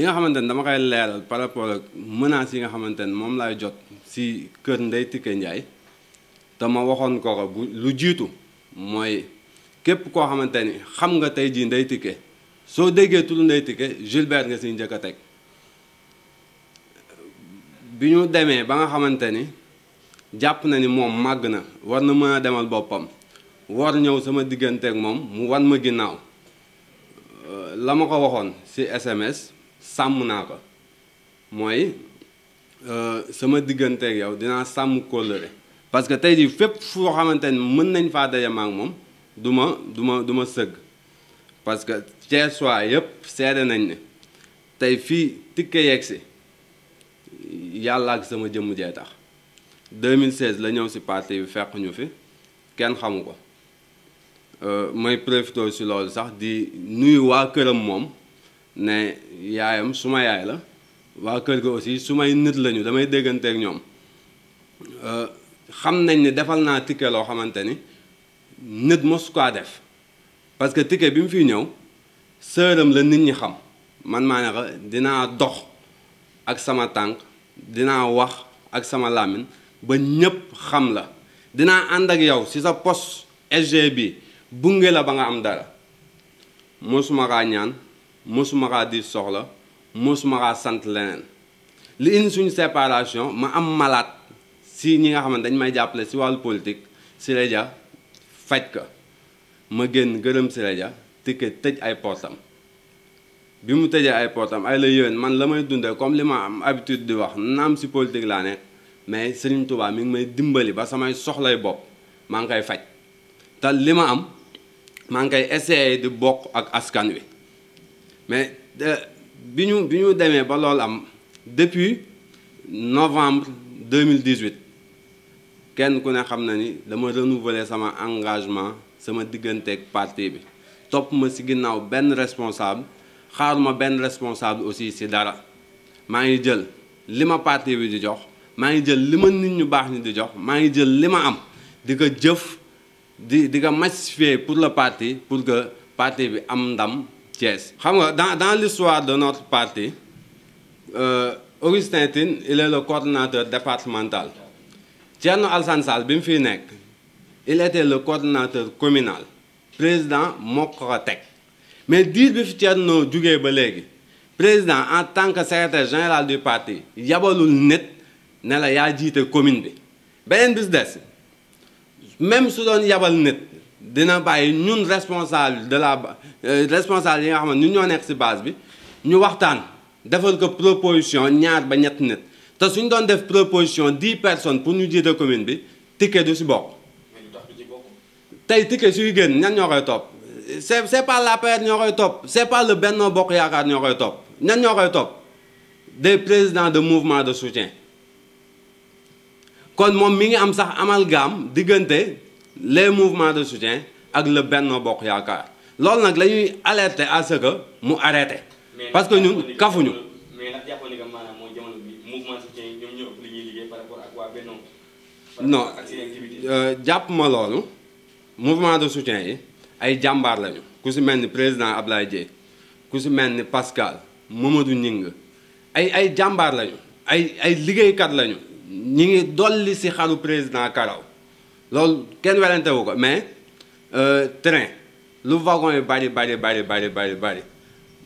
li nga xamante ni dama koy leeral par rapport ak menaces yi nga xamante ne moom laay jot si kër Ndeye Tické Ndiaye te ma waxoon ko ko bu lu jiitu mooy képp koo xamante ni xam nga tey jii Ndeye Tické soo déggee turu Ndeye Tické Gilbert nga siy njëkk a teg bi ñu demee ba nga xamante ni jàpp na ni moom màgg na war na mën a demal boppam war ñëw sama ak moom mu wan ma ginnaaw euh, la ma ko waxoon si SMS. sàmm naa ko mooy euh, sama digganteeg yow dinaa sàmm kóllëre parce que tey jii fépp foo xamante ni mën nañ faa daje maak moom du ma du ma du sëgg parce que Ceesuwaa yëpp seede nañ ne tey fii tikke yegg si yàlla ak sama jëmm jee tax 2016 la ñëw si parti yu fekk fi kenn xamu ko euh, may profité si loolu sax di nuyu waa këram moom ne yaayam suma yaay la waa kër gi aussi sumay nit lañu damay déggante ak ñoom euh, xam nañ ne defal naa ticket loo xamante ni nit mosu kaa def parce que ticket bi mu fi ñëw sëram la nit ñi xam man maa ne ko dinaa dox ak sama tànk dinaa wax ak sama làmmiñ ba ñépp xam la dinaa ànd ak yow ci sa poste SG bi bunge la ba nga am dara mosuma kaa ñaan mosuma kaa di soxla mosuma kaa sant leneen li indi suñu séparation ma am malaat si ñi nga xamante dañ may jàppale si wàllu politique Siré Dia faj ka ma génn gërëm Siré Dia ticket tëj ay portam bi mu tëjee ay portam ay la yéen man la may dundee comme li ma am habitude di wax naam si politique laa ne mais Serigne Touba mi ngi may dimbali ba samay soxlay bopp maa ngi koy faj te li ma am maa ngi koy essayé di bokk ak askan wi mais ba am depuis novembre 2018 kenn ku ne xam na ni dama renouveler sama engagement sama digganteeg parti bi topp ma si ginnaaw benn responsable xaaruma benn responsable aussi c'est dara manager ngi jël ma parti bi di jox maa ngi jël li ma nit ñu baax ñi di jox ngi jël ma am di ko jëf di di massifier pour le parti pour que parti bi am ndam dans dans l'histoire de notre parti euh, Augustin Tintin il est le coordinateur départemental Thierno Alsansal, Sall il était le coordinateur communal président moo mais diir bi Tierno Thierno président en tant que secrétaire général du parti yabalul Net, dans la yaa Il commune bi eu même su doon yabal Net, dina bàyyi ñun responsable de la euh, responsable yi nga xam ne ñun ñoo nekk ci base bi ñu waxtaan defal ko proposition ñaar ba ñett nit te suñ doon def proposition dix personnes pour ñu jiite commune bi ticket de ci bokk. tey ticket sur génn ñan ñoo top c'est c'est pas la ñoo koy top, c'est pas le Benno Bokk Yaakaar ñoo top topp ñan ñoo koy des présidents de mouvement de soutien kon mom mi ngi am sax amalgame diggante. les mouvement de soutien ak le Benno Bokk Yaakaar loolu nag la ñuy alerter à ce que mu arrêté. parce que ñun kafuñu. mais nag euh, jàpp ma loolu mouvement de soutien yi ay jàmbaar lañu ku si mel ni président Ablaye Dièye ku si mel ni Pascal Mamadou Ngingue ay ay jàmbaar lañu ay ay liggéeykat lañu ñi ngi dolli si xaru président Karaw. loolu kenn werante wu ko mais euh, train lu wagon est bari bari bari bari bari bari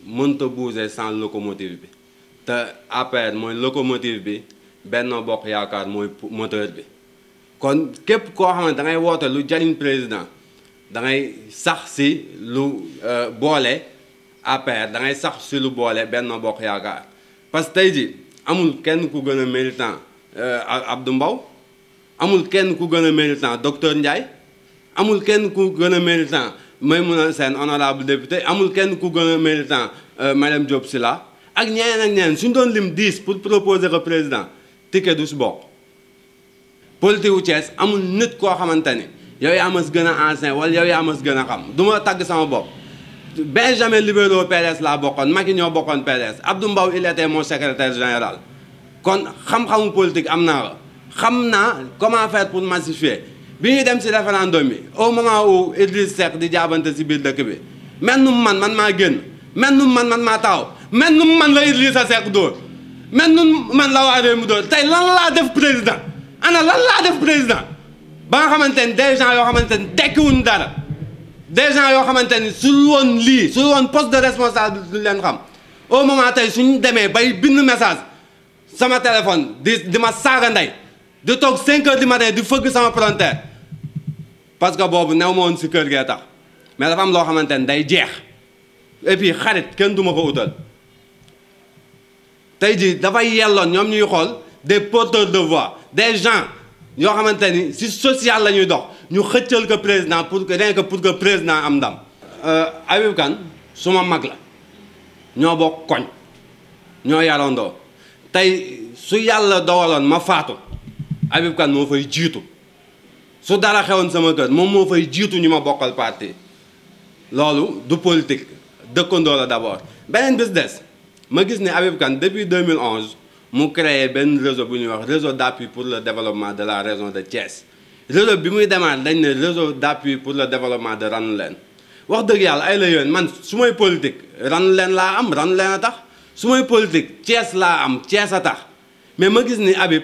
mënta bouger sans locomotive bi te APR moy locomotive bi Benno Bokk yakar moy moteur bi kon kep ko xamne da ngay woote lu jariñ président da ngay sax si lu euh, bolé APR da ngay sax si lu boole Benno Bokk yakar parce que tey amul kenn ku gëna a euh Abdou mbaw amul kenn ku gëna a méritant docteur Ndiaye amul kenn ku gën a may Maymouna sen honorable député amul kenn ku gëna a méritant euh, madame job sila ak ñeneen ak ñeneen suñu doon lim 10 pour proposer ko président ticket du si bokk politique wu Thiès amul nit ko xamante yow yaa mas gëna a ancien wala yow yaa mas gëna xam duma tag tagg sama bopp Benjamin Libéraux PDS la bokkoon Macky ñoo bokkoon PDS Abdou Mbaw il était mon secrétaire général kon xam-xamu politique amna la xamna comment faire pour massifier bi ñuy dem si référendum bi au moment où Idriss Seck di jaabante ci biir dëkk bi mel man man ma génn mel man man ma taw mel man la Idriss Seck do mel man la waré mu do tay lan la def président ana lan la def président ba nga xamante des gens yo xamante ni tekkiwuñ dara des gens yo xamante ni su woon lii su poste de responsable duñ leen xam au moment tay suñu démé bay bind message sama téléphone di di ma saaga ndey de toog 5 heures du matin di fëgg sama palanteer parce que boobu new ma woon si kër gee tax mais dafa am loo xamante ne day jeex et puis xarit kenn du ma ko utal tey jii dafay yelloon ñoom ñuy xool des porteurs de voix des gens yoo xamante ni si social la ñuy dox ñu xëccal ko président pour que rien que pour que président am ndam. Habib Kane suma mag la ñoo bokk koñ ñoo yarandoo tey su yàlla dogaloon ma faatu. Habib Kane moo fay jiitu su dara xewoon sama kër moom moo fay jiitu ñu ma bokkal parti loolu du politique dëkkandoo la d'abord. beneen bis des ma gis ni Habib Kane depuis 2011 mu créé benn réseau bu ñuy wax réseau d'appui pour le développement de la région de Thiès réseau bi muy démarré dañ ne réseau d'appui pour le développement de leen wax dëgg yàlla ay la yoon man su may politique leen laa am Ranoulen a tax su may politique Thiès laa am Thiès a mais ma gis ni Habib.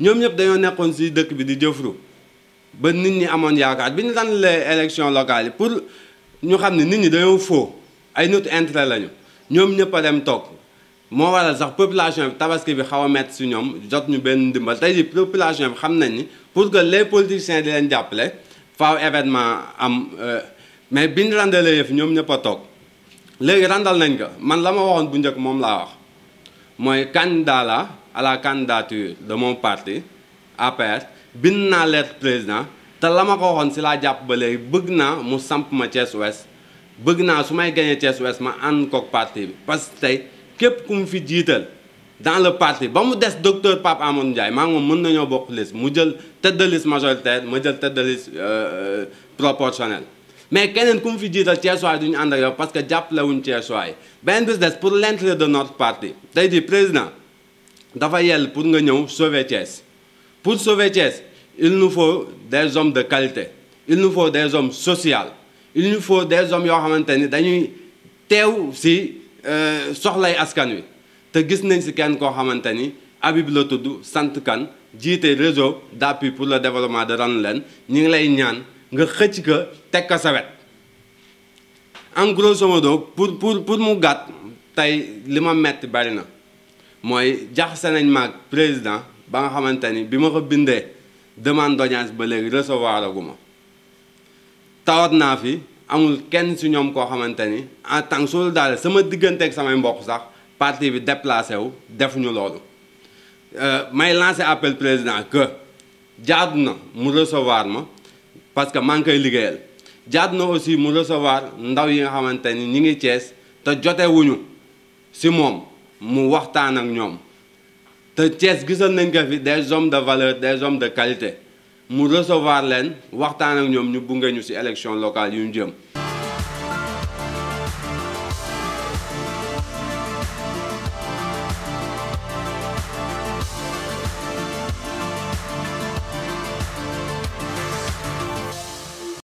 ñoom ñëpp dañoo nekkoon si dëkk bi di jëfru ba nit ñi amoon yaakaar bi ñu tànnalee élection locale yi pour ñu xam ne nit ñi dañoo faux ay nit intérêt lañu ñoom ñëpp a dem toog moo waral sax population bi tabaski bi xaw a métti si ñoom jot ñu benn ndimbal tey jii population bi xam nañ ni pour que les politiciens di leen jàppale faaw événement am euh, mais bi ñu rendalee yëf ñoom ñëpp a toog léegi rendal nañ ko man la ma waxoon bu njëkk moom laa wax mooy candidat la à la candidature de mon parti APR bind naa lettre président te la ma ko waxoon si laa jàpp ba léegi bëgg naa mu samp ma Thiès Ouest bëgg naa su may gañee Thiès Ouest ma ànd koog parti bi parce que tey képp ku mu fi jiital dans le parti ba mu des docteur Pape Amadou Ndiaye maa ngi moom mën nañoo bokk liste mu jël tête de liste majoritaire ma jël tête de liste euh, euh, proportionnelle mais keneen ku mu fi jiital Thiès Ouest du ñu ànd ak yow parce que jàppale wuñ Thiès Ouest beneen bis des pour l'intérêt de notre parti tey jii président dafa pour nga ñëw sauver Thiès pour sauver Thiès il nous faut des hommes de qualité il nous faut des hommes sociaux il nous faut des hommes qui xamante ni dañuy teew si euh, soxlay askan te gis nañ ci kenn koo xamante ni Habib la tudd sant kan jiite réseau d'appui pour le développement de Ranérène ñu ngi lay ñaan nga xëcc ka teg ko sa wet en grosso modo pour pour pour mu gàtt tey li ma metti bari na mooy jaxase nañ maag président ba nga xamante ni bi ma ko bindee demande d'audience ba léegi recevoir agu ma tawat naa fi amul kenn si ñoom koo xamante ni en tant que sama diggante ak samay mbokk sax partie bi déplacé wu defuñu loolu euh, may lancé appel président que jaadu na mu recevoir ma parce que maa ngi koy liggéeyal jaadu na aussi mu recevoir ndaw yi nga xamante ni ñi ngi Cees te jotewuñu wuñu si moom mu waxtaan ak ñoom te Thiès gisoon nañ ko fi des hommes de valeur des hommes de qualité mu recevoir leen waxtaan ak ñoom ñu bunge ñu ci élection locale yu ñu jëm.